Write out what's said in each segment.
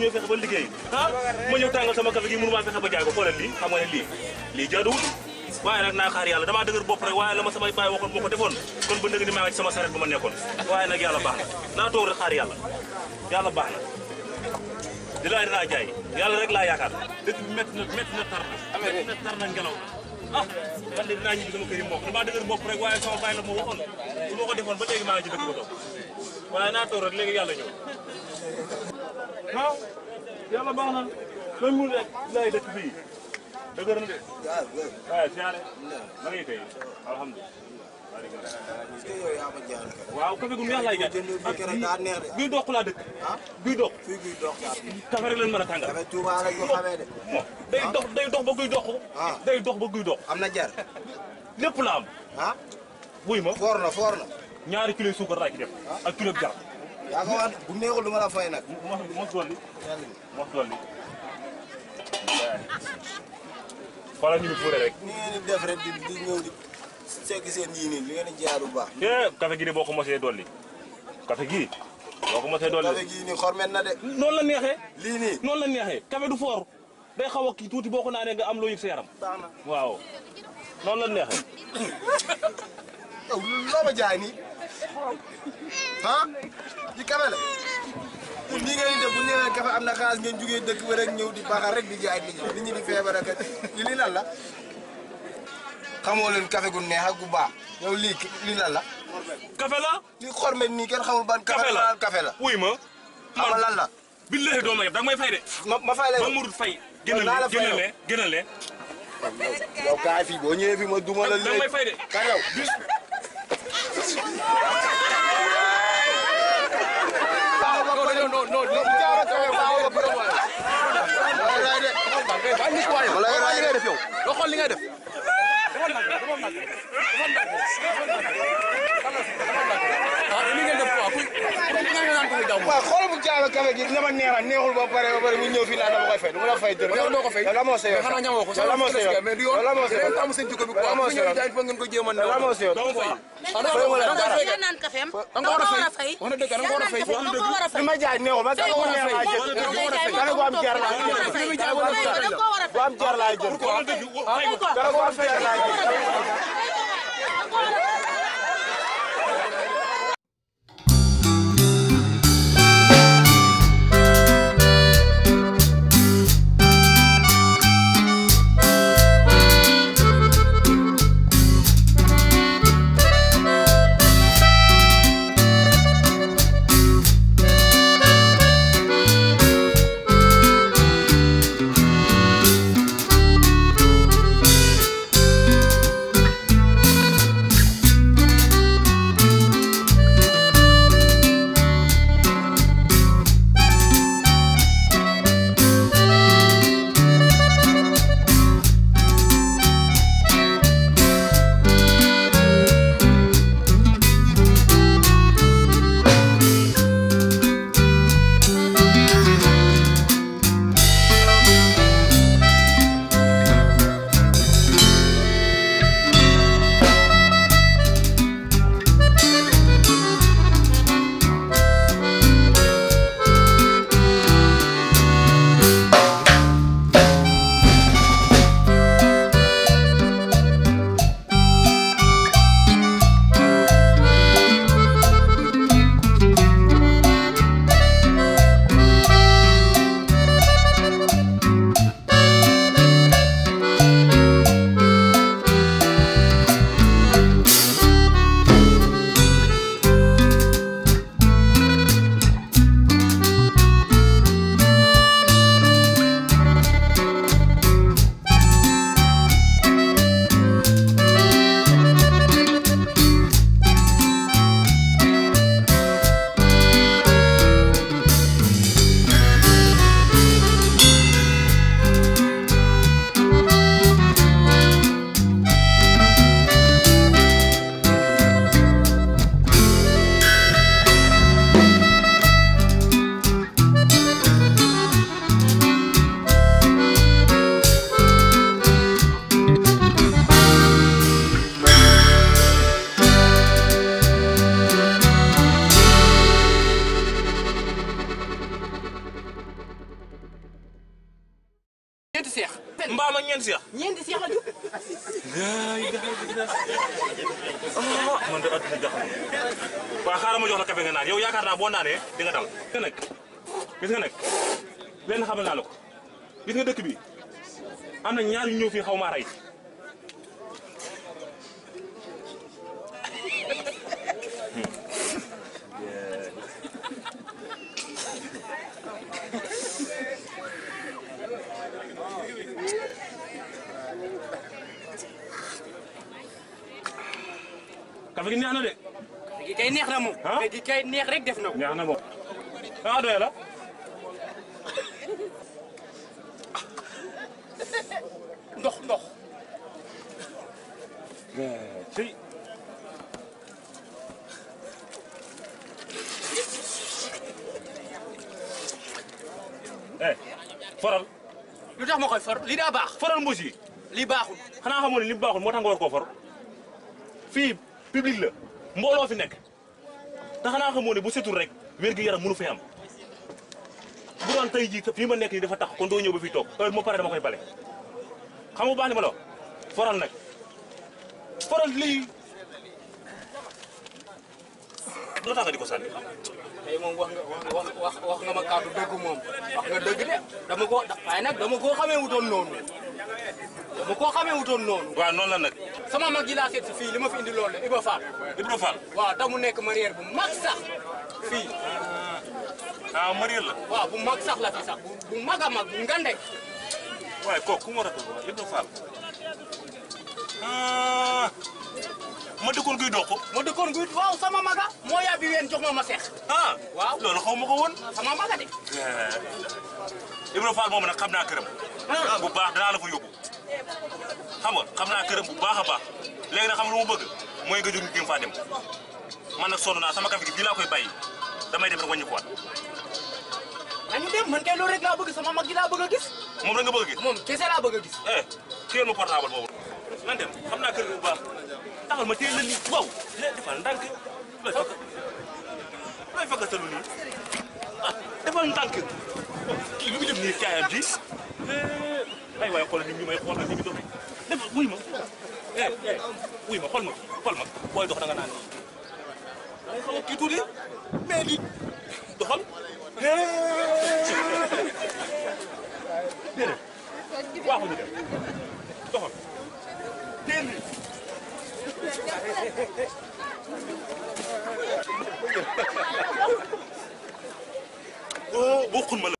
mënuñoo fexe ba liggéey ah ma ñëw tàngal sama café gi mënu maa fexe ba jaay ko xoolal lii xam nga ne lii lii jaaduwul waaye nag naa xaar damaa dëgër bopp waaye la ma samay bàyyi waxoon boo ko defoon kon ba ndëg ni maa ngi ci sama saret ba ma nekkoon waaye nag yàlla baax na naa toog rek xaar yàlla yàlla baax na di laa dinaa jaay yàlla rek laa yaakaar dëkk bi métti na métti na tar na métti na tar na ngelaw ah man de dinaa ñibbi sama kër yi moom damaa dëgër bopp rek waaye sama bàyyi la ma waxoon bu ah yàlla baax na loolu mu nekk lay dëkk fii dëgër na de ma ngi ah, dëkk guy dox kafe rek leen mën a tàngal day dox day dox ba guy dox ah. day dox ba guy dox am na jar lépp la am ah? wuy ma foor na foor na ñaari kilo suukar laa ci def ak kilo jar yaa ko wax bu neexul du ma la fay nag. mos dolli. mos dolli. xoolal ñu fuure rek. ni ngeen di def rek di di ñëw di segg seen yii nii ngeen di jaar bu baax. café gi de boo ko mosee dolli. café gi boo ko mosee dolli. café gi nii xormet na de. la neexee. lii nii la neexee café du fort day xaw a kii tuuti boo ko naanee nga am loo yëg sa yaram. waaw noonu la neexee. yow loo ma jaay nii ah ci kafe bu ñu am na xaalis ngeen jugee dëkk ba ñëw di baaxal rek di jaay nit ñi nit ñi di feebar ak li lii leen kafe gu neex ak gu baax yow lii lii lan la. kafe la lii xorme nii kenn xamul ban. kafe la kafe la wuy ma. xamal lan la. billahi doo ma yeb da may fay de. ma ma fay la yow Mamadou Faye. gënal le gënal le gënal le yow kaay fii ma duma la léegi. li ngay def waaw xoolal bu jaay ba kafe gi dina ma neexal neexul ba pare ba pare mu ñëw fii naan dama koy fay du ma la fay dërëm. yow doo ko fay la moo sa yoon xanaa ñamoo ko la moo sa yoon mais du yoon la moo sa yoon taamu seen jikko bi quoi bu ñëw jaay fa ngeen ko jéem a la moo sa yoon doo fay da naan kafeem da nga war a fay wax na dëgg da nga war a fay wax na dëgg li ma jaay neexul ma tax ko neex laa jël da nga ko am jar laa jël da nga ko am jar laa jël da nga ko am jar laa jël xana xamone ne li baaxul moo nga war for fi public la mbolo fi nek ta xana xamone bu setul rek wér gi yaram mënu fi am bu don tay ji fi ma nek ni dafa tax kon do ñew ba fi tok heure mo pare dama koy balé xam nga ma lo foral nak foral lii do ta nga di ko tey moom wax nga wax wax wax nga ma kàddu dëgg moom wax nga dëgg de dama koo waaye nag dama koo xamee wutoon noonu dama koo xamee wutoon noonu. waa noonu la nag. sama mag yi laa seet fii li ma fi indi loolu la Ibra Fall. Ibra Fall waaw te nekk marière bu mag sax fii. Ah, ah marière la. waaw bu mag sax la fi sax bu bu mag a mag bu ngande. waaye kooku ku mu war a doon waaye Ibra Fall. Ah. ma dëkkoon guy dox ko. ma dëkkoon guy waaw sama maga. moo yàbbi ween jox ma ma seex. ah waaw loolu xaw ma ko woon. sama maga de. Eh. Ibra Fall moom na xam naa këram. Ah. bu baax danaa la fa yóbbu. xam xam naa këram bu baax a baax léegi na xam lu mu bëgg mooy nga jóg ñu faa dem man na son naa sama café gi bii laa damay dem rek wàññi ko waat. nañu dem man kay loolu rek laa bëgg sama mag gi laa bëgg a gis. moom la nga bëgg a gis. moom kese laa bëgg a gis. eh téyel ma portable boobu. nan xam naa kër gi taxal ma téye la nii waaw léegi defal ndànk looy fekk looy fekk sa lu nii ah defal ndànk kii lu mu def nii caayam ji eh, ay waaye xoolal nit ñi may xool ak nit ñi doon def wuy ma eh eh wuy ma xool ma xool ma booy dox da nga naan da nga xaw a kii tuuti mais li doxal eh. déedéet waaxuñu dem doxal déedéet bu bu xun ma la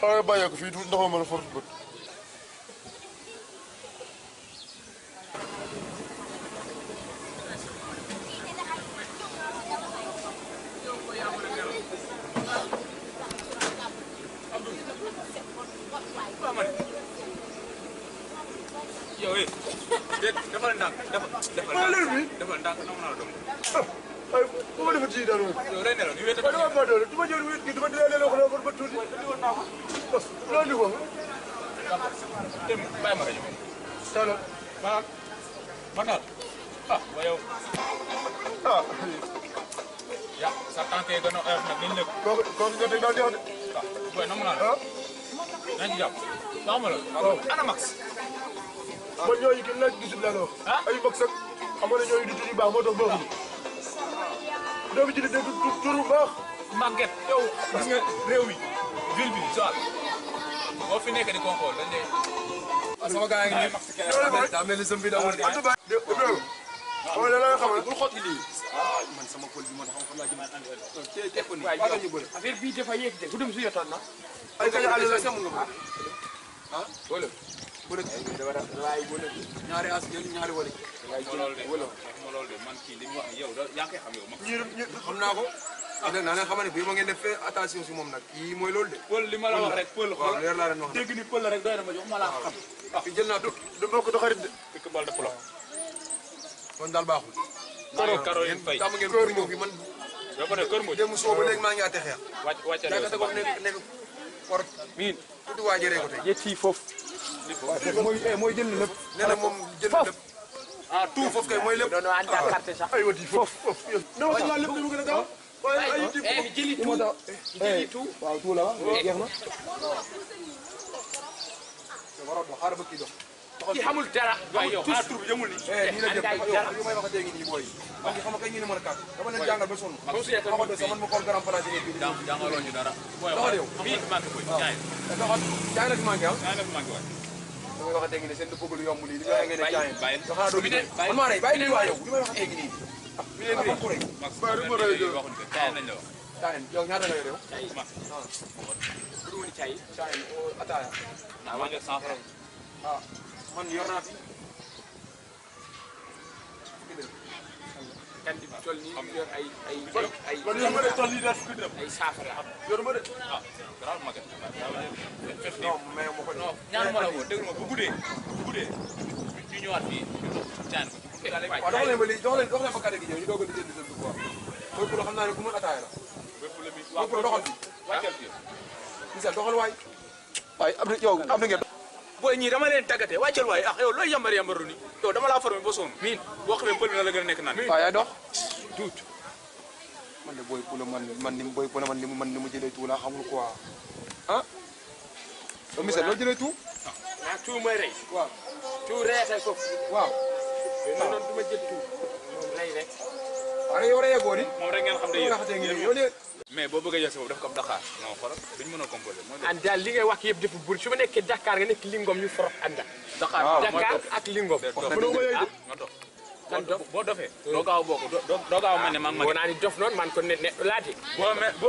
Karabaya, if you don't daha mı for bu ma defee tuuti a moom. yow day nelaw ñu wéete ko. waaw damaa doole du ma jël wéet gi du ma delloo loo xam ne ba tuuti. loolu ko. démb bàyyi ma rajo bi. solo. maanaam maanaam. ah wa yow. ah. ya sa tànk yi gën a oyof nag nañ di wax de. waaw booy nangu naa la. na ñooñu doomu jëli dégg turu baax. màgget yow gis nga réew mi ville bi soit boo fi nekk di konkool dañ de. waaw sama gars yi ngi nii daa mel ni sëñ bi daa wër. waaw la nga xamal bu xotti lii. man sama pël bi moo tax a laa jëmaat ànd ak. tey tey ko nii waaw ñu bëri. affaire bii dafa yéeg de bu dem su yotoon na. ay kañ àll la sama nga ko. ah bu nekk dafa def laay bu nekk ñaari as jël ñaari wala wala lool de man kii li mu wax yow yaa koy xam yow ma xam naa ko ah dana na xamane bi ma ngeen def attention si moom nag kii mooy loolu de pël li ma la wax rek pël xool leer laa leen wax dégg ni pël rek doy na ma jox ma laa xam ah fi jël naa ne kër moo dem soo ba léegi maa ngi mooy eh, mooy jënd lépp. nee na moom jënd lépp. ah tout foofu kay mooy lépp. non non ànd ak ah. carte sax. aywa di foofu foofu. non non lépp dama gën a gaaw. aywa jëli tout eh, eh, jëli tout. waaw tout la jeex na. te waroon na xaaral ba kii dox. ki xamul dara. waaye yow xanaa tur bi yëngul nii. te andaay dara li may wax dégg nii booy. waaw xam nga kay ñu ne mën a kàpp. dama leen jàngal ba sonn. ma ko dee man ma xool garam place yi. jàngaloo ñu dara. doxal yow bii manqué booy jaay. doxal jaay la fi manqué ah. jaay la fi manqué waay. damay wax dégg nii seen dëkk lu yomb nii. bàyyi bàyyi doxal doo gisee. bàyyi man maa rey bàyyi li waay yow li may wax dégg nii. mi leen di waxoon Caayeen yow ñaata nga yore yow. Caayeen ma. bu dul woon caayeen. Caayeen ataaya. ah man yor naa fi kan di toll nii yor ay ay ay ay saafara yor ma de ah grave magat non mais ma ko non ñaan ma la woo déglu ma bu guddee bu guddee ñu ñëwaat fii ñaan ko bu guddee waaw dox leen ba lii dox leen dox leen ba kàddu gi ñëw ñu doog a lijjanti seen dugg quoi mooy pour xam naa ne ku mën ataaya la waaw pour doxal fii wàccal fii misaal doxal waay waay am na yow am na ngeen booy ñii dama leen tàggatee wàccal waaye ah yow looy yambar yambaru ni yow dama laa formé ba soon miin boo xamee pël na la a nekk naan waaw yaa tuut man de booy pula man man ni booy pula man mu man ni mu jëlee tout laa xamul quoi ah monsieur loo jëlee tout ah tout mooy rey waaw tout reesay ko waaw man noonu du waaw yow rek yeggoon yi. moom rek boo bëggee jox sa bopp def comme Dakar. non xoolal duñ mën a composé. an daal li ngay wax yëpp dafa bëri su ma nekkee nekk Lingom ñu forog ànda. Ah, Dakar ak Lingom. ma yooyu ah, boo dofee. doo gaaw a bokk doo gaaw a boo naa ni dof noonu man ko ne ne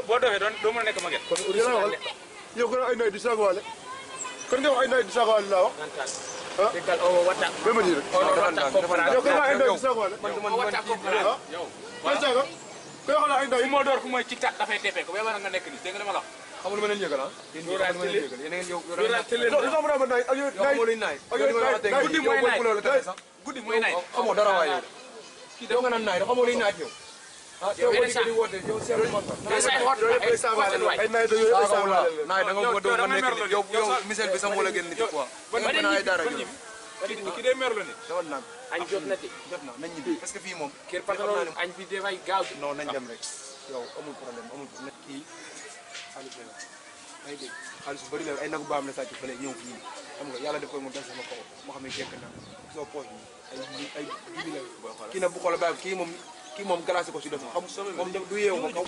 boo dofee doo mën a nekk màgget. kon urus la nekk yow kon ay nooy di sagawaale. kon oo wata. ba ma oo oh, wata ko faral waaw koy waxal ak ndaw yi moo door ku mooy ci tat dafay teppee ko ba war nga nekk nii dégg nga dama la wax xam lu ma leen yëgal ah yéen xam lu ma leen yëgal yéen ngeen yow yow la télé do sama dama nay ay ay guddi mooy naay guddi mooy naay xamoo dara waay yow kii da nga naan naay xamoo luy naaj yow ah yow ko ci di woote yow seul man ay naay do yow ay naay da nga mo do nga nekk yow yow misel bi sama la gën nit quoi ba naay dara ki day mer la ni dawal naa añ jot na de jot na nañ ñibbi parce que fii moom kër patron añ bi dafay gaaw non nañ dem rek yow amul problème amul problème kii ay dégg xaalis bu bëri la ay nagu fële ñëw fii xam nga yàlla def ko mu dal sama kaw moo xam ne jekk na soo poche kii moom kii moom glacé ko si def xam moom du yeewu kaw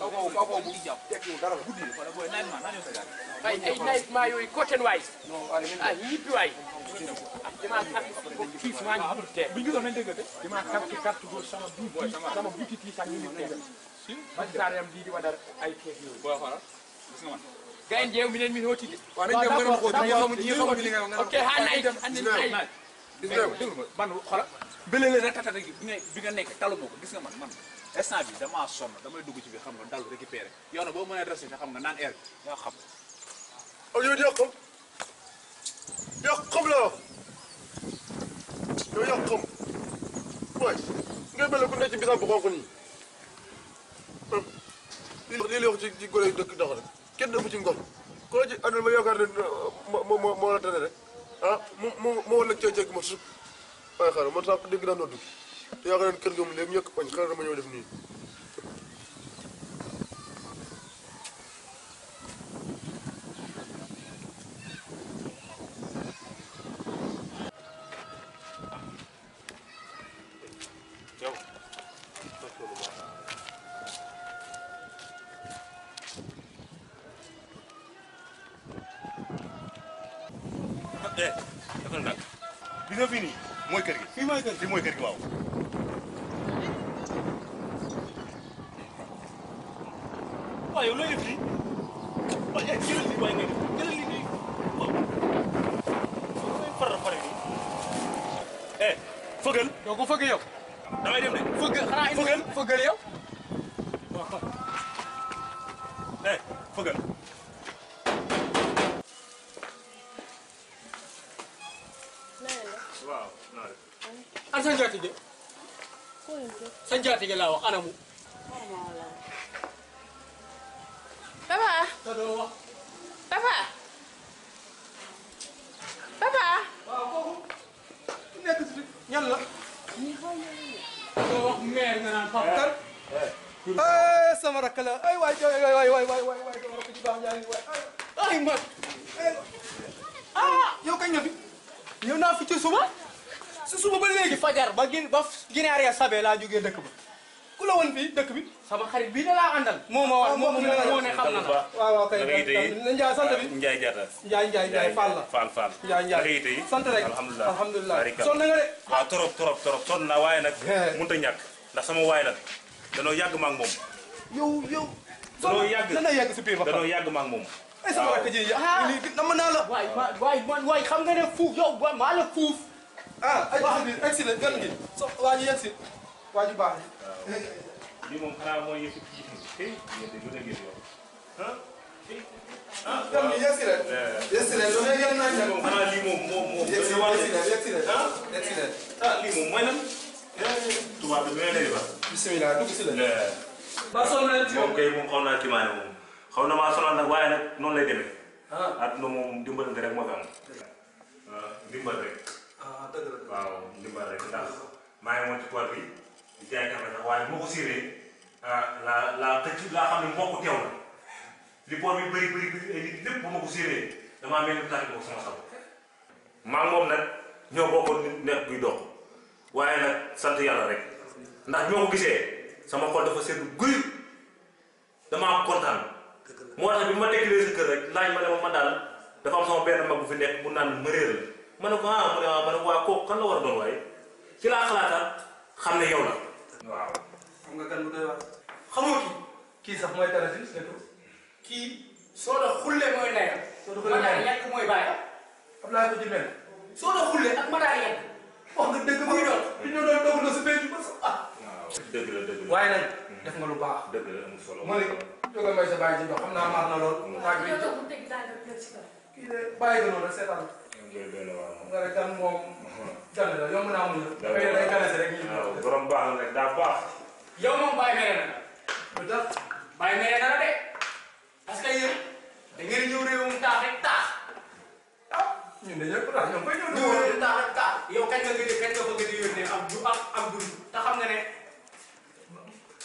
kaw kaw kaw kaw ay ay night maa yooyu ah, tee bi ñu doon nañ dëgg de damaa carte carte boobu sama buuti sama di ok haa nayi déglu ma ban xoolal bële la ratatata gi bi nga bi nga nekk talu ma ko gis nga man man instant bi damaa sonn damay dugg ci bi xam nga dal récupéré yow na boo mënee dressé xam nga naan air bi nga xam oh, yow yokkum yokkum la yow yokkum boy nga bële ku ne ci bisam bu xonk nii lii la wax ci ci góor yi dëkk dox rek kenn dëkk ci ngor koo ci àndal ma yaakaar ne uh, moo moo moo la tane rek ah mu mu moo la cëy cëy ma sukk waaye xaaral man sax dégg naa noddu gi te yaakaar naa ne kër ga mu léegi ñëkk koñ xaaral ma ñëw def nii marakkala ay fajar ba gin ba sabe ba bi sama xarit bii da laa àndal ne xam na kay sant bi la sant rek nga sama la yow yow. danoo yàgg lan la yàgg si biir ba danoo yàgg ma ak moom. waaw ay sama rakk ji ah lii dama naa la. waay ma waay man waay xam nga ne fuuf yow waay maa la fuuf. ah ay wax bi egg si la gën gi. so waa ji yegg si waa ji baax na. lii moom xanaa mooy yëpp ji fi ah. ah waaw yegg si leen. Eh. yegg si leen loolu yëpp yëpp naa ci. moom xanaa lii moom moom moom. yegg si leen yegg si leen ah yegg si leen. ah lii moom mooy lan. Eh, tubaab bi dina leen di ba. bisimilah dugg si la. Eh. ba sonn leen ci moom kay moom xaw naa climat moom xaw na maa sonal nag waaye nag noonu lay demee. ah àdduna moom dimbalante rek moo fi am. Ah, ndimbal rek. ah dëgg la waaw ndimbal rek ndax maa ngi woon ci tool bi di jaay kafe sax waaye moo ko siiree ah laa laa tëj laa xam ne mbokk teew la li boor bi bëri bëri bëri ay lépp ba ma ko siiree damaa mel ni tax ko sama saw. maa moom nag ñoo bokkoon nekk buy dox waaye nag sant rek ndax ñoo ko gisee. sama xol dafa sedd guy damaa kontaan. moo tax bi ma déggee sa kër rek laaj ma ne ma man daal dafa am sama benn mag bu fi nekk bu naan mëreer la ma ne ko ah mu ne ma ne ko waa kooku kan la war a doon xam ne yow la. waaw. xam nga kan bu kii sax mooy tarasin surtout kii soo da xulle mooy nayam. soo da xulle mooy nayam yàq mooy bàyyi. Abdoulaye ko jëmee la. soo da xulle ak Madaal yàq. wax nga dëgg muy doon. dëgg la dëgg la waaye nag. def nga lu baax. dëgg la amul solo ma ne jógal may sa bàyyi ci ndox xam naa maar na lool. waa bi kii de bàyyi nga noonu rek seetaan. nga rek kan moom. jàll la yomb naa mun la. dëgg la day gànnaase rek ñu. waaw borom baax la rek daa baax. yow moom bàyyi mere na. lu tax bàyyi mere na la de. parce que yéen da ngeen ñëw réewum taax rek taax. ah ñun dañoo ko tax ñoom koy ñëw réewum taax rek taax yow kañ nga gën kañ nga bëgg di yónnee am du am am dund te xam nga ne.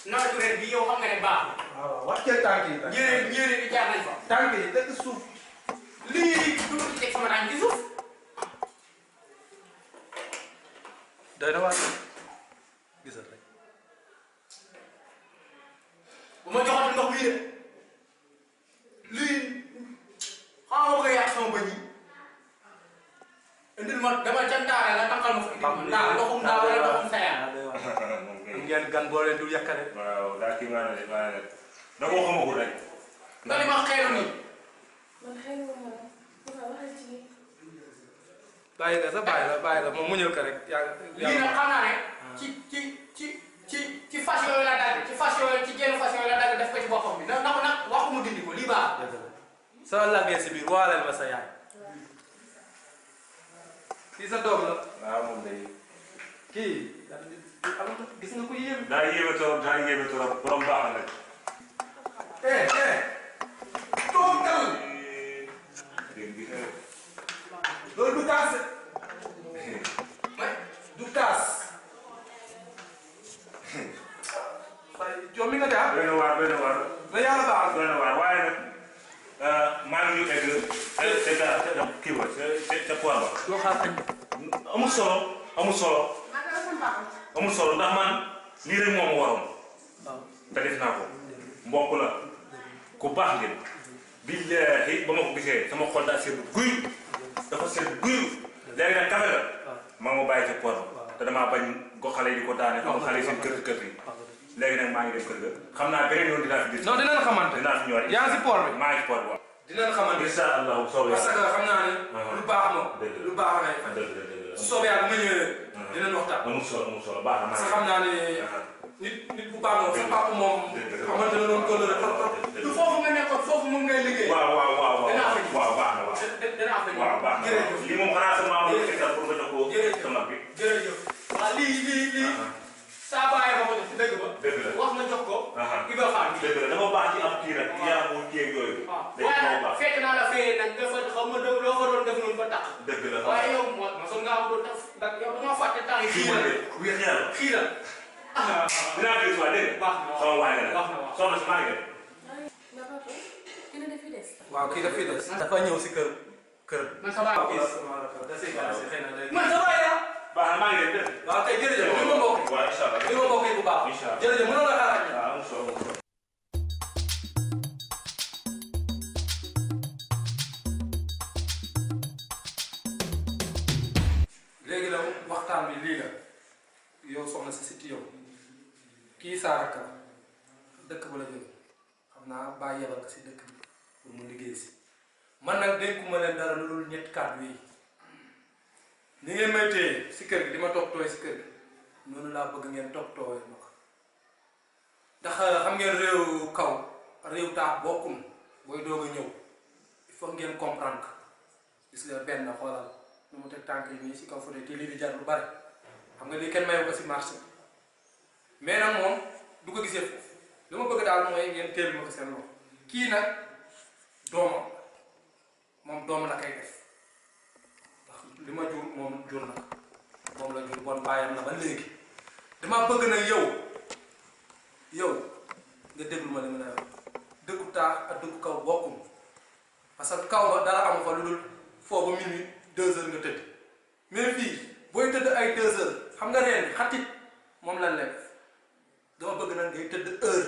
nawet ren bi yow xam nga ne baax na. waaw wax ca tànk yi. yéen yéen bi jaar nañ fa. tànk yi dëkk suuf. lii du ma ci teg sama tànk ci suuf. doy na waar gisal rek. bu ma joxoon ndox bii de lii xaw ma bëgg a yàq sama bëñ yi. indil ma dama ca ndaare la taxal ma fa. ndax ndoxum ndaare la ndoxum sayaan. ngeen gan boo leen dul yàkkale. waaw daal kii maa li ma xeeru nii. man la ci. bàyyi la sa bàyyi la bàyyi la moom muñal ko rek. yaa yaa lii nag xam naa ne. Ah. ci ci ci ci ci la dagg ci fas la dagg def ko ci boppam bi ndax nag waxu mu dindi la sa yaay. kii sa doom la. waaw xam nga gis nga ko yéeme. daa yéeme torop daa eh, eh, nga def. Eh. doy na waar doy na waar. na yàlla baax doy na waar waaye nag euh, maa ngi ñu egg. te te kii ba te te poids ba. doo xaar añ. amul solo amul amul solo ndax man lii rek moom waroon ah. te def naa ko mbokk la ku baax ngeen billaahi ba ma ko gisee sama xol daa seetlu guy dafa seetlu guy léegi nag kafe la ah. maa ma bàyyi ca koor ah. te damaa bañ ko xale yi di ko daane am xale yi seen kër kër yi léegi nag maa dem kër ga xam naa beneen yoon dinaa fi gis non dinañ xamante dinaa fi ñëwaat yaa ngi si port bi maa ngi si port bi waaw dinañ xamante incha allah parce que xam naa ne lu baax moom lu baax su soobee ak bu ma ñëwee. Ah. dinañ waxtaan. amul solo amul solo baax na maa xam naa ne nit nit bu baax moom sa papa moom. xamante ne doon kóllëre trop trop. du foofu nga nekkoon foofu moom ngay liggéey. waaw waaw waaw waaw waaw baax na waaw. danaa fa waaw baax na jërëjëf lii moom xanaa sama am pour nga jox ko sama bi jërëjëf waaw lii lii lii ah. saa bàyyi ma ko jox jox ko. Iba Fall bi dëgg la dafa baax ci am kii nag. yaa mu kii yooyu. la fee nga fa xam nga loo fa doon def tax. dëgg la waaye yow man man nga am doon tax ndax yow da nga fàtte tax yi. xii la xii nga. baax na nga baax na waaw soxna si maa ngi waaw kii daf fi des. si kër kër. man sa baay la. baax na na xaaral ñu. waaw incha allah. léegi la waxtaan bi lii la yow soxna si si yow kii Ka dëkk la jógee xam naa baa yebal ko si dëkk bi pour mu liggéey si man nag dénkuma leen dara lu dul ñetti kàddu ni ngeen may téye si kër gi di ma topp si kër gi noonu laa bëgg ngeen topp tooyee ma ko ndax euh, xam ngeen réew kaw réew taax bokkum booy doog a ñëw il faut ngeen comprendre gis nga benn xoolal nu mu teg tànk yi nii si kaw fële te lii di jar lu bari xam nga lii kenn mayu ko si marché mais nag moom du ko gisee foofu li ma bëgg daal mooy ngeen téel ma ko seen loxo kii nag doomam moom doom la kay def. li ma jur moom jur na moom la jur bon bàyyam na ba léegi dama bëgg nag yow yow nga déglu ma li ma lay wax dëkku taax ak dëkku kaw bokkum parce que kaw ba dara amu fa lu dul foo ba minuit deux nga tëdd mais fii booy tëdd ay deux heures xam nga reen xatit moom la lekk dama bëgg nag ngay tëdd heure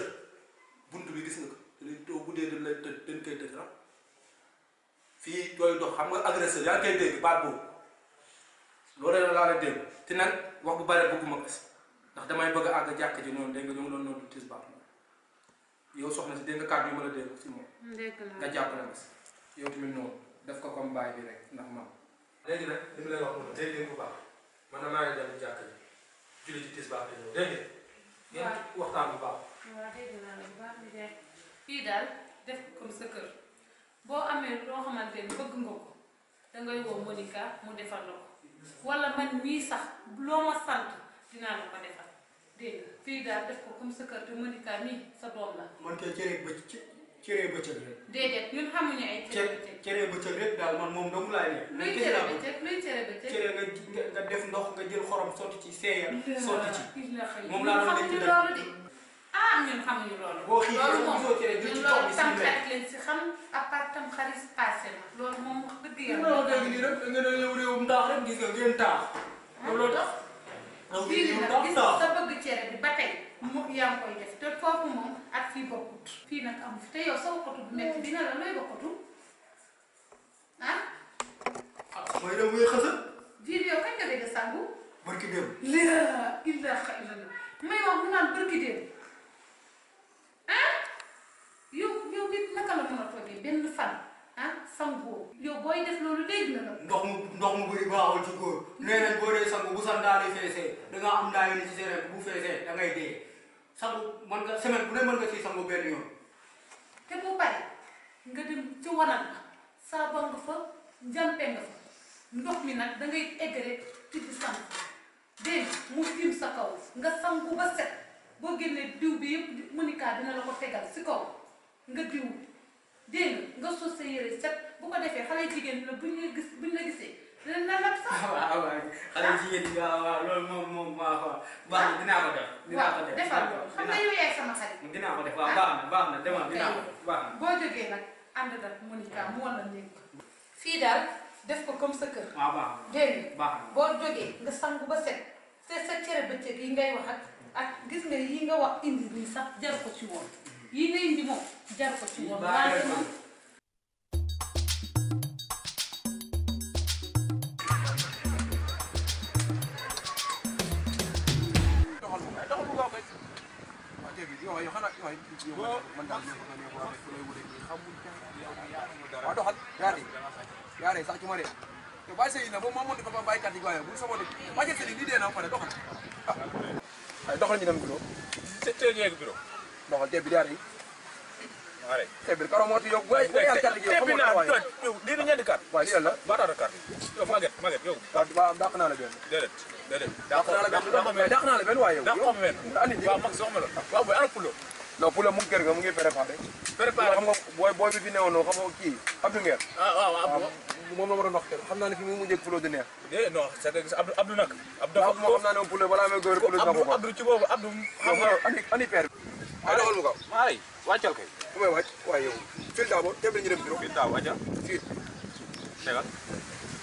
bunt bi gis nga ko dañuy too guddee dañ tëdd dañ ah. fii tooy dox xam nga agresseur yaa ngi koy baat boobu loolu la laa la dégg te nag wax bu bare bëgguma ko si ndax damay bëgg a àgg jàkk ji noonu dégg nga ñu ngi doon noonu tisbaar yow soxna si dégg nga kàddu yu ma la dégg si moom. Mm, nga jàppale si yow tamit def ko comme baay bi rek ndax maam. léegi nag bu baax man na maa ngi dem jàkk ji julli ci tisbaar te ñëw dégg ngeen. waaw waxtaan bu baax. waaw dégg fii daal def ko comme sa kër boo amee loo xamante ni bëgg nga ko dangay woo Monica mu defar la ko. wala man mii sax loo ma sant dinaa la ko defal dégg fii daal def ko comme sa kër te Monica nii sa doom la. man kay cere bëcc cere bëccëg rek. déedéet ñun xamuñu ay. cere bëccëg cere bëccëg rek daal man moom dong laay def. luy cere bëccëg luy cere bëccëg cere nga nga def ndox nga jël xorom sotti ci seeya. sotti ci moom laa doon def ci dëkk. ah ñun xamuñu loolu. boo xii loolu moom ñun loolu tam xarit leen si xam à part tam xarit passé na loolu moom wax dëgg yàlla. loolu dégg nii rek da nga er mm. er er sa bëgg cere bi ba tey mu yaa koy def te foofu moom ak fii bokkut. fii nag amu fi te yow sa bokkatu bu nekk dina la looy bokkatu ah. ah mooy dem muy xasal. diir yow kañ nga dégg sangu. barki démb. laa ilaaha illallah may wax mu naan barki démb. ah yow yow nit naka la mën a toogee benn fan ah sangoo yow booy def loolu léegi na la. ndox mu ndox mu bu baaxul ci góor nee boo dee sangu bu sa ndaal yi da ngaa am ndaal da ngay dee sangu mën nga bu nga ciy sangu benn yoon. te bu pare nga dem ci wanag ba saaba nga fa njàmpe nga fa ndox mi nag da ngay egg rek ci di sangu dégg mu tiim sa kaw nga sangu ba set. boo génnee diw bi yëpp Monica dina la ko tegal si kaw nga diw dégg nga sos sa set bu ko defee xale jigéen ñi la buñ la gis buñ la gisee dinañ la lab sax. waaw waaw xale jigéen ñi waaw waaw loolu moom baax na dinaa ko def. def defal loolu xam ko def waaw baax na baax na demal dinaa ko def baax na. boo jógee nag ànd nag Monica mu wan la fii daal def ko comme sa kër. waaw baax na boo jógee nga sangu ba set sa cere bëccëg yi ngay wax ak. ak gis nga yi nga wax indi ni sax jar ko ci woon yi indi moom jar ko ci woon waaye moom waaye ah, doxal ñu dem bureau. teel ñu egg bureau. doxal ceeb bi daal di. waaw rek ceeb bi karoo moo ci yow. waaye ceeb bi naa toj yow lii di ñeenti carte. waaye lii la baataata carte yow Maguette Maguette yow. waaw dàq naa la benn. déedéet déedéet. dàq naa la benn dàq naa la a waaye yow. dàq naa la benn waaw Maguette soxna la waaw booy ana Pulo non pour le mu ngi kër ga mu ngi préparé. préparé xam nga booy booy bi fi newoon xam nga kii Abdou Nguer. ah, ah, ah waaw Abdou ah. moom la war a ndox kër xam naa ne fi mu mujjee Poulo di neex. eh non c' est que Abdou Abdou nag. Abdou dafa ko xam naa ne Poulo balaa may góor Poulo dina ko ko Abdou ci boobu Abdou. xam nga andi andi père bi. waaw doxal mu kaw maa rey wàccal kay. ku may wàcc waaye yow. fil daa boo teb la ñu dem bureau. fil daa wàccal fil. tegal.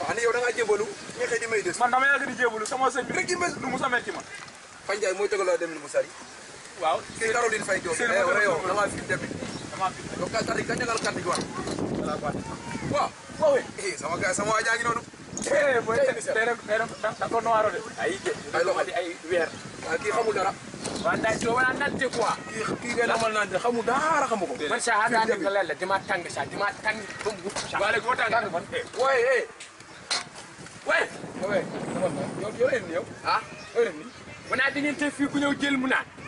waaw ne yow da ngaa jébalu ñu xëy di may des. man dama yàgg di jébalu sama sëñ bi rek di mel lu mu samee ci ma. Fanjaay mooy tegaloo dem lu mu sari waaw kii Caroline Faye Diop yow da ngaa fi dem yow ka Wah, wah ñagal kan di ko waaw waaw eh boy tey rek tey rek da ko noiro de ay ay loxo di ay weer kii xamul dara waa ndax doo wala nante quoi kii kii ngay namal nante xamul dara xamu ko man sa hada ni ko lella dima tang sa dima tang dum bu sa wala go tang tang fan way eh way way yow yow en yow ah yow en ni wana di ngeen te fi ku ñew jël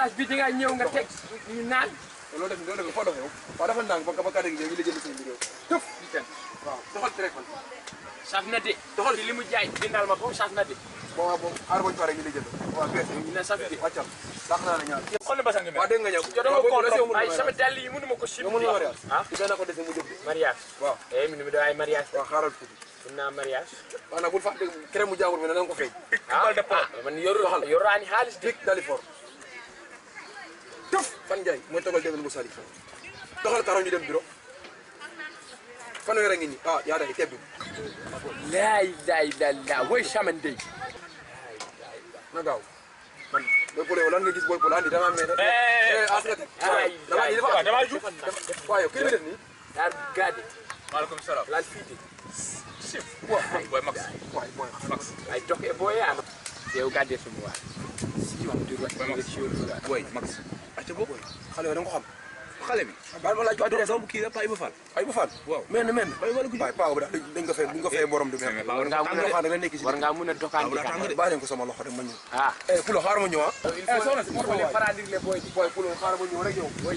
place bi di nga ñëw nga teg ñu naan loolu def loolu def fa doxew waaw dafa nang ba ba kadeng ngi jël seen vidéo tëf di ten waaw doxal téléphone saf de doxal li mu jaay dindal ma ko saf de bo bo ar bo pare ngi la jël waaw bes na na ñaar xol de nga ko ay sama dal yi mënuma ko ah di na ko dese mu jëb mariage waaw eh mi mi do ay mariage waaw xaaral tuuti sunna mariage wana bul fa de crème mi na nga ko fay ah, ah man yoru yoraani xaalis dik dalifor tëf fan Ndiaye mooy toggal déglu Moussa Ly doxal karaw ñu dem bureau fanweeri a ngi nii ah yaa day tebbi. laay laay laay laay woy Chama Ndeye. na gaaw damaa mel. Eh, eh, eh, as nga damaa ji dafa damaa ju. waaw yow kii bi def nii. daal salaam laal fii de. chef waaw booy Max. waay booy Max ay doxee booy yaa la. yow gàdde ci wax booy acca bo xale bi da nga ko xam xale bi ah, baal ma laaj ko adresse am kii la Paa Iba Fall Paa Iba Fall waaw men men Paa Iba Fall Paa bu dañ ko fay buñ ko fay borom du nga mën a dokaan di bàyyi leen ko sama loxo rek ma ñëw a ah. eh Poulo xaar ma ñëw a ah. eh soxna si morfale faradir le boy boy Poulo xaar ma ñëw rek yow boy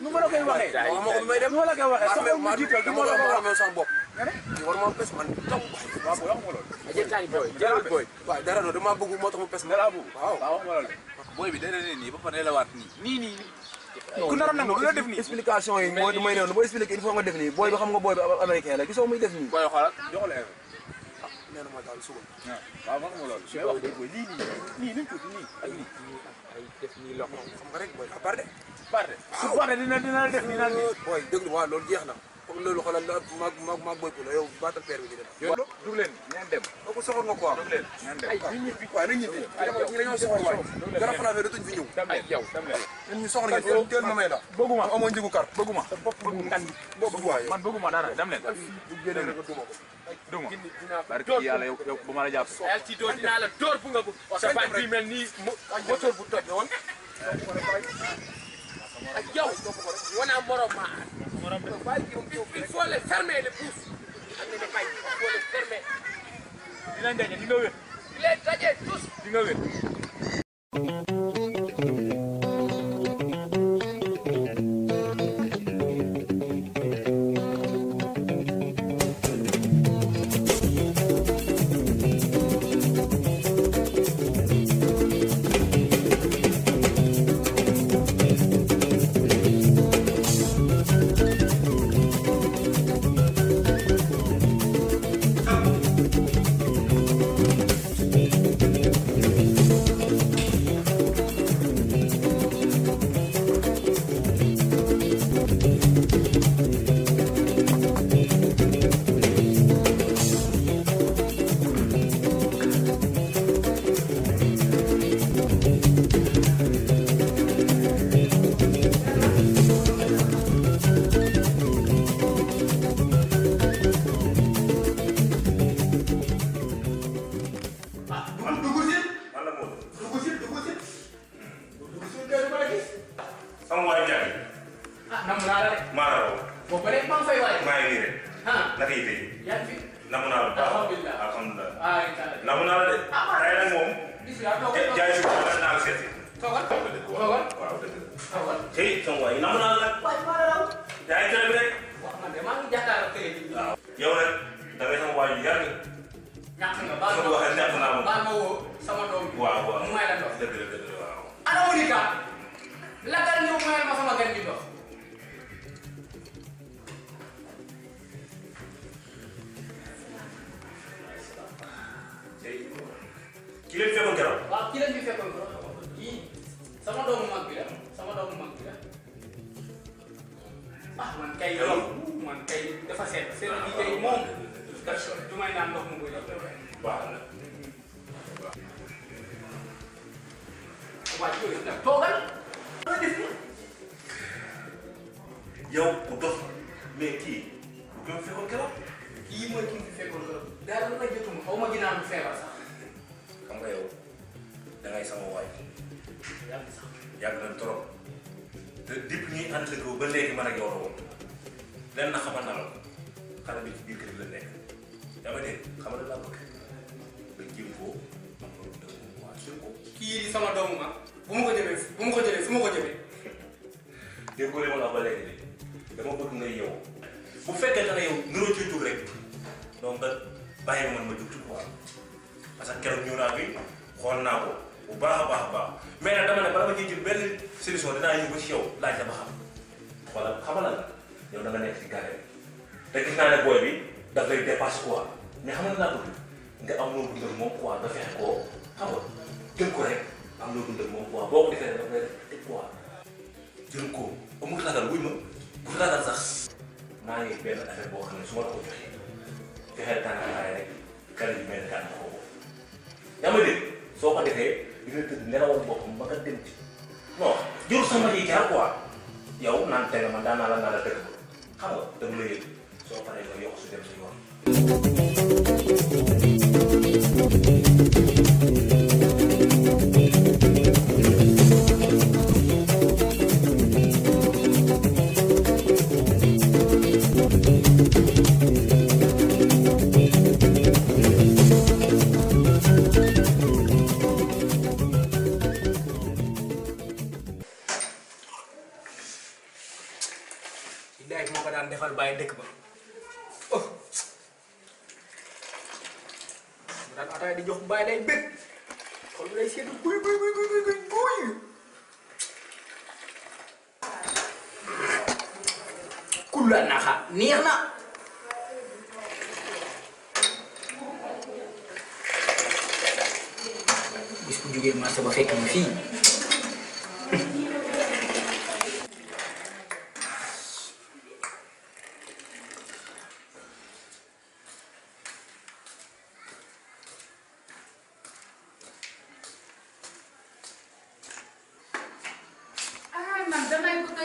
nu ma la koy waxee. waaw ma ko may dem ma la koy waxee soxla mu jiital du ma la ko wax sama bopp. war ma pes man taw. waaw booy wax ma loolu. jël taani booy jëlal booy. waaw dara no dama bëgg moo tax ma pes ma. dara bëgg waaw waaw wax ma loolu. booy bi dana ne nii ba pare la waat nii. nii nii nii. ku naroon nangu lu la def nii. explication yi mooy may noonu boo expliqué il faut nga def nii booy bi xam nga booy bi américain la gisoo muy def nii. booy xoolal jox la nee na ma daal suba. waaw wax ma loolu. mais wax dëgg booy lii nii nii nii nañ ko nii ak nii. ay def nii loxo xam nga rek booy xabaar de Bardé su Bardé dina dina def dina def. booy déglu waaw loolu jeex na comme loolu xoolal ma ma ma boy la yow baatal père bi di dem. duma ko. duma barki yàlla yow bu ma la jàpp. yàlla ci dóor dinaa la dóor bu nga bëgg. sa baat mel nii moteur bu toj woon ak yow wana morom ma il faut les fermer les pouces am na bay il faut les fermer di leen daje di nga wér di leen daje tous di nga wér déet xam nga laa bëgg nga jéem ko man ko. kii sama doomu ma bu ma ko jëlee bu ma ko jëlee fu ma ko jëlee. déggoo li ma la wax ba léegi de dama bëgg nga yow bu fekkee dana yow niroo ciy jug rek donc ma jug parce que keroog ñëw naa fi xool naa bu baax a baax a baax mais nag ne bala ma ciy jël benn solution dinaa ñëw ba ci yow laaj la ba xam wala xamal la yow da nga nekk ci gàllankoor te gis naa ne booy bi daf lay dépasse mais xam nga naa bëgg nga am loo dundal moom nga fexe koo xam ko rek am loo dundal ko defee rek dafay ko amul ragal wuy bu ragal maa benn affaire boo ko joxee fexeel tàngaay rek kàlla ji mel na ko boobu. yaa ma dégg soo ko defee dina dem ci non sama ji jaar quoi yow naan teel man daan naa la naan la dëkk ba xam la yëg soo paree dem sa yoon. Música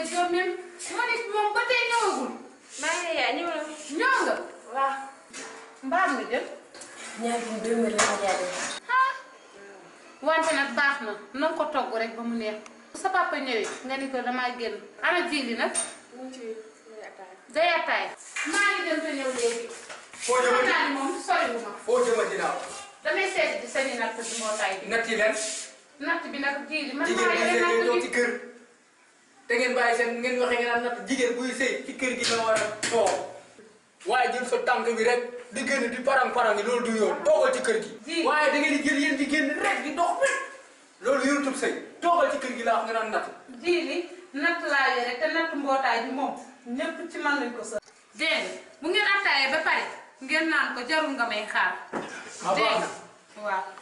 não, ci yoon o sama nekk bi moom não tey ñëwagul. maa ngi Não, não ñëw na. não nga. waaw. mbaa nga jël. não bi deux mille laa jaay ah wante nag não na na nga ko togg rek ba mu neex. sa papa ñëwee nga ni ko damaa génn ana jiili nag. day ataay. maa ngi dem te ñëw léegi. foo jëma ji moom soriwuma. foo jëma ji daaw. damay seet di sañi natt bi moo taay bi. natt yi leen. natt bi nag jiili man maa ngi leen te ngeen bàyyi seen ngeen waxee ngeen naan natt jigéen buy sëy ci kër gi na war a toog waaye jël sa tànk bi rek di génn di parang parang yi loolu du yoon toogal ci kër gi. waaye da ngeen di jël yéen di génn rek di dox rek loolu yorutul sëy toogal ci kër gi laa wax nga naan natt. ji li natt laa yore te natt mbootaay bi moom ñëpp ci man lañ ko sa. dégg bu ngeen attaayee ba pare ngeen naan ko jarul nga may xaar. Ah, dégg waaw.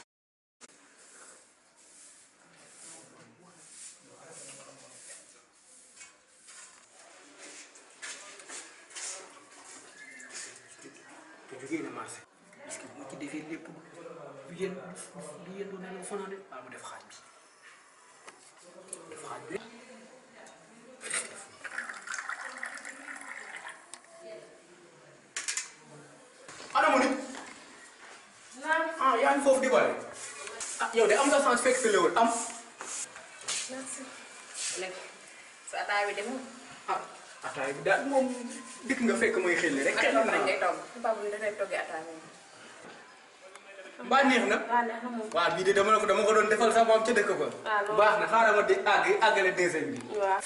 yéene marché parce que bu ci defee lépp du yéen du yéen du nelaw fanaan waaw mu def xaaj bi def xaaj bi anamu nit ah yaa ngi foofu di bale ah yow de am nga sens fekk si léwul am sa ataay bi demul ah. ataay bi daal moom dikk nga fekk mooy xel rek. kenn bi dafay toggee ataay moom. mbaa neex na. waaw neex na moom. waaw bii de dama ne ko dama ko doon defal sax moom ca dëkk ba. baax na xaaral ma di àgg àggale deuxième bi. waaw.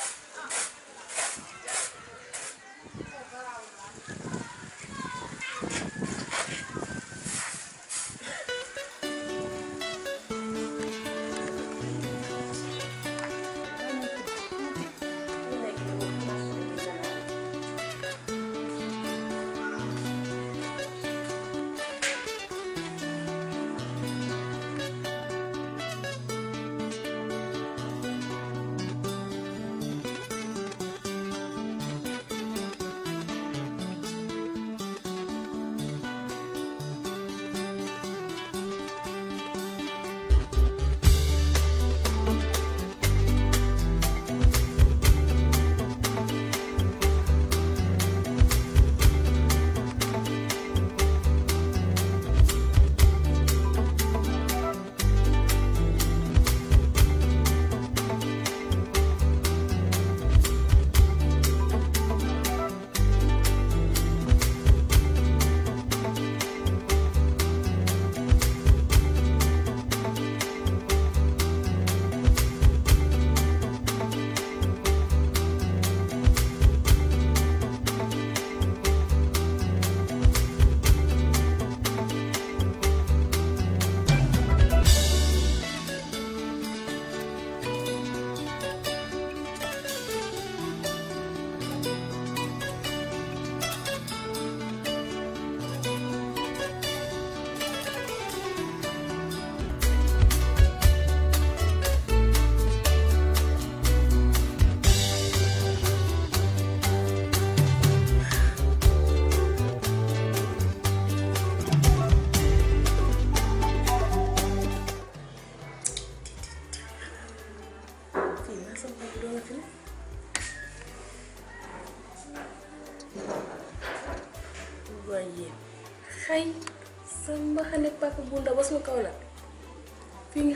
a nekk papa bu ndaw ba sama nga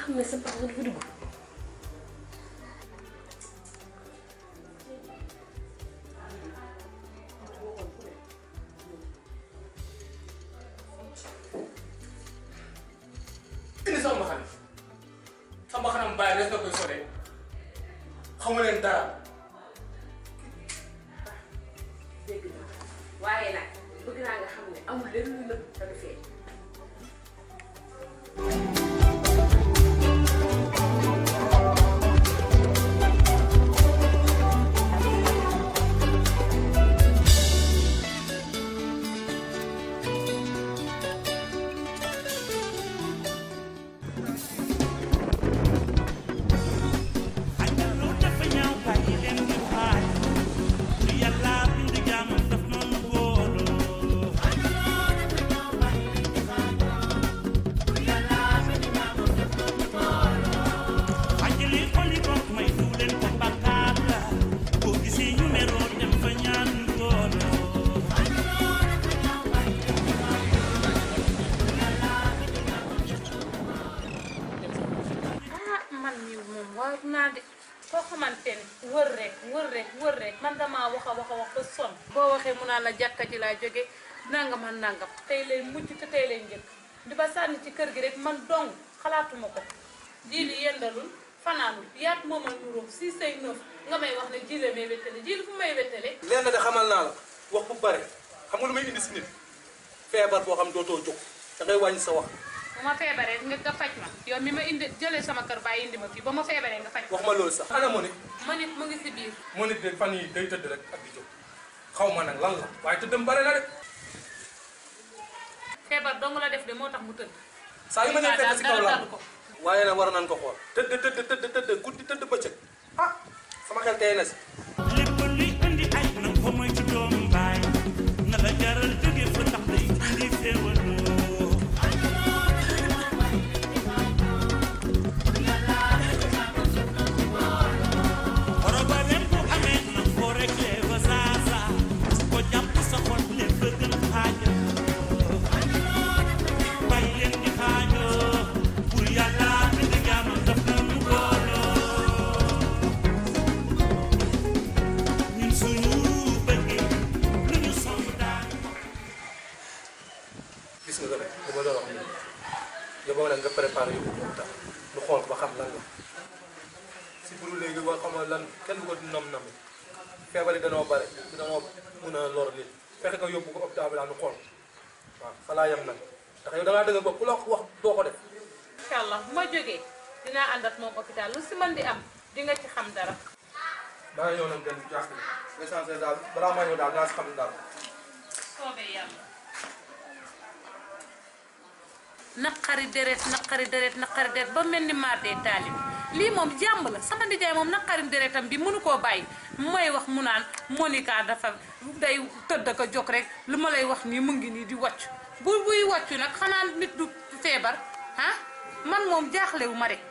xam ne sa papa dafa dugg indi sama mbaxana sama mbaxanam bàyyi des na lu nëbb Thank you. laa jógee nangam han nangam tay lay mucc te tay lay ngir di ba sànni ci kër gi rek man dong xalaatuma ko jiili yendalul fanaanul yaat moma nuro 659 say nga may wax ne jiile may wettale jiili fu may wettale lenn da xamal na la wax bu bari xam nga lu may indi si febar bo xam doto jóg da ngay wañ sa wax buma febaré nga ka fajj ma yow mi ma indi jëlé sama kër bàyyi indi ma fi buma febaré nga fajj wax ma loolu sax ana moni manit mo ngi ci bir monit de fan yi day tëdd rek ak di jóg xaw ma nag lan la waaye tëddam bare la de. feebar dong la def de moo tax mu tëdd. saa yu ma nee fekk si kaw laa waaye nag war nañ ko xool. tëdd tëdd tëdd tëdd guddi tëdd bëccëg ah sama xel tey na si. lépp luy indi ay na ko mooy daal lu si mën di am di nga ci xam dara. daa yow nag dem jàkk l'essentiel daal balaa maa ñëw naqari deret naqari deret naqari deret ba mel ni maar dee taalib lii moom jàmb la sama nijaay moom naqari deretam bi mënu koo bàyyi may wax mu naan Monica dafa day tëdd ko jóg rek lu ma lay wax nii mu ngi nii di wàcc bu buy wàccu nag xanaa nit du feebar ah man moom jaaxlewu ma rek.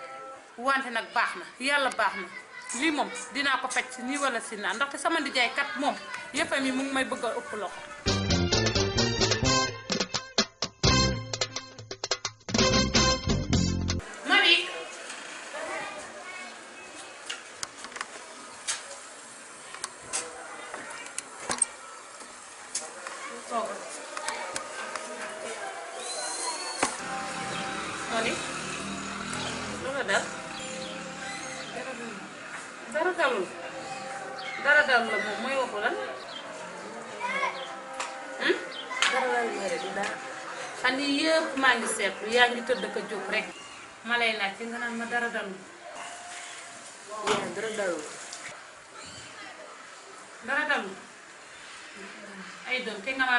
wante nag baax na yàlla baax na lii moom dinaa ko faj si nii wala si naa ndaxte sama nijaay kat moom yëppam yi mu ngi may bëgg a ëpp loxo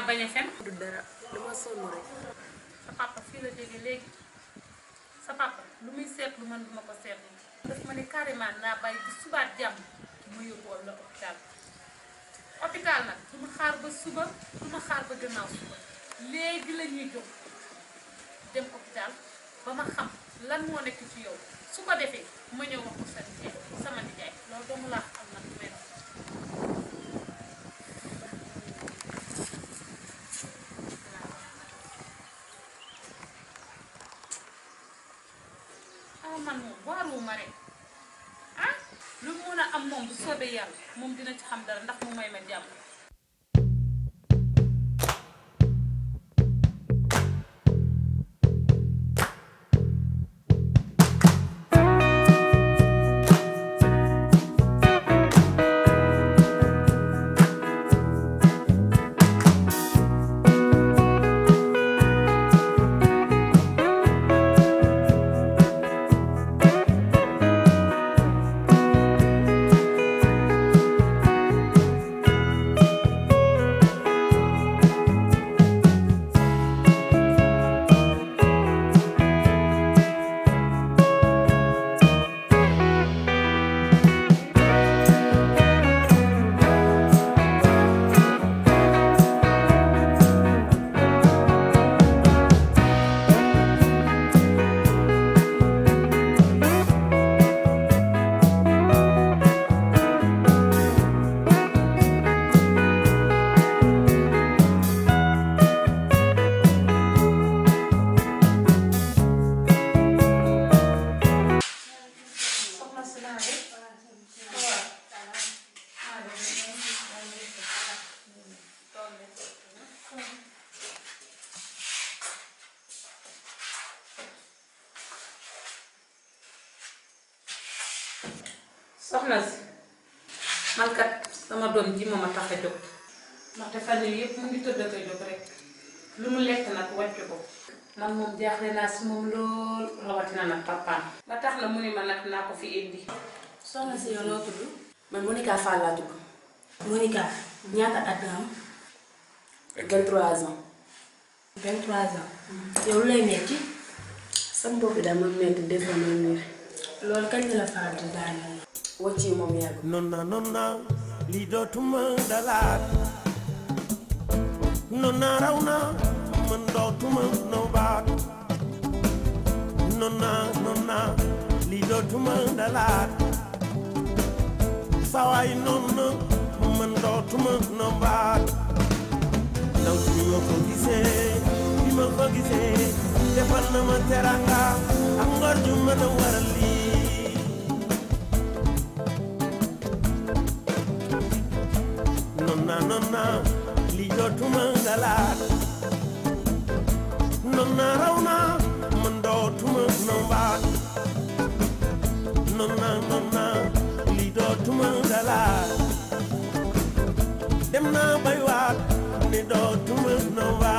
bañ a fen du dara dama sonn rek sa papa fii la jógee léegi sa papa lu muy seetlu man duma ko seetlu daf ma ne carrément naa bàyyi bi subaat jàmm ma yóbbu la hôpital hôpital nag du ma xaar ba suba du xaar ba gannaaw suba léegi la ñuy dem hôpital ba ma xam lan moo nekk ci yow su ko defee ma ñëw wax ko sama nijaay loolu doomu laa xam nag xam dara ndax mu may ma jàmm doom ji moom a tax a jóg ndaxte fan yii yëpp mu ngi tëdd ak a rek lu mu lekk nag wàcc ko. man moom jaaxle naa si moom lool rawatina nag papaam. ba tax na mu ne ma nag naa ko fi indi. soxna si yow noo tudd. man Monica Fall laa tudd. Monica ñaata at nga am. 23 mhm. bi daal ma metti des fois ma metti. loolu kañ la la faral di daaneel. wàcc moom yàgg. non non non non. lii dootuma dalaat noon naa raw naa man dootuma noobaat noon naa noon naa lii dootuma dalaat sawaay noon na man dootuma noobaat ndaw si ko gisee bi ko gisee defal na ma teranga am ngor ju mën na nonna nonna lijo tumangala nonna rauna mando tumanamba nonna na lijo tumangala demna baywa ne do tumangamba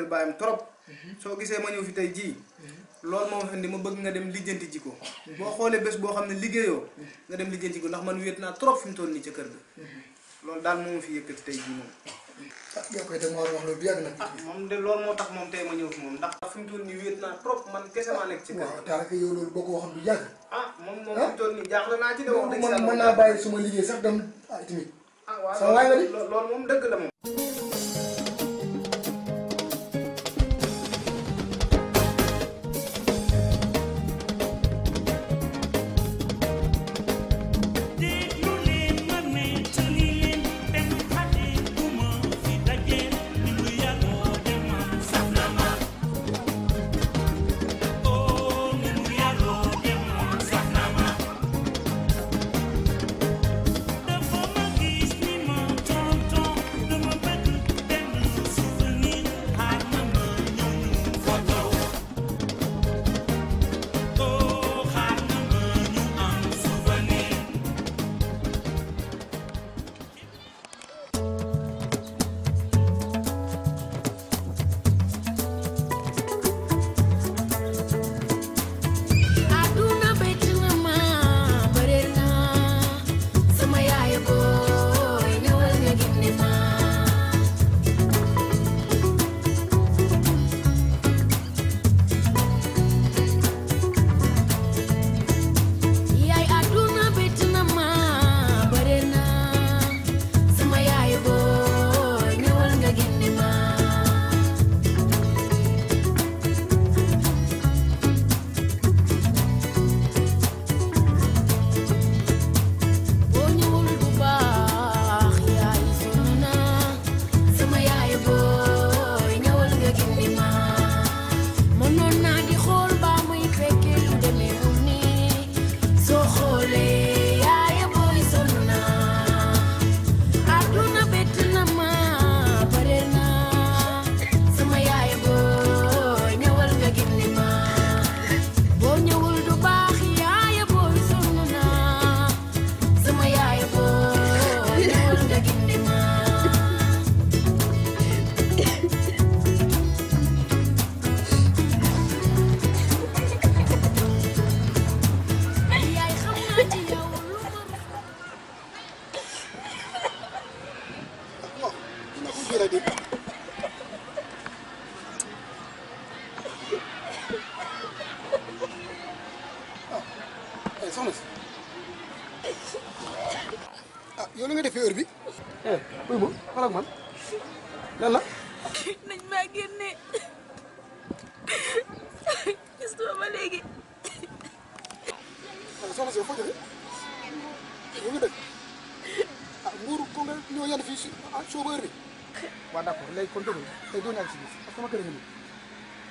kër bayam trop mhm. so gisee ma ñëw fi tay ji mhm. lool mo xam ne ma bëgg nga dem lijeenti ji ko mhm. bo xolé bes bo xamne ne nga dem lijeenti ko ndax man wéet naa trop fi mu toll nii ca kër ga lool daal mo fi yëkëti tay ji mom ah yow koy dem wax lu biag na. ah moom de lool moo tax moom tey ma ñëw fi mom ndax. fi mu toll nii wéet naa trop man kessé ma nek ci kër. waaw daanaka yow lool bako ko waxoon du yàgg. ah mom moom ah? fi mu toll nii jaaxle na ci de wax dëgg man na naa suma liggéey sax dem ah timit ah waaw lool mom dëgg la mom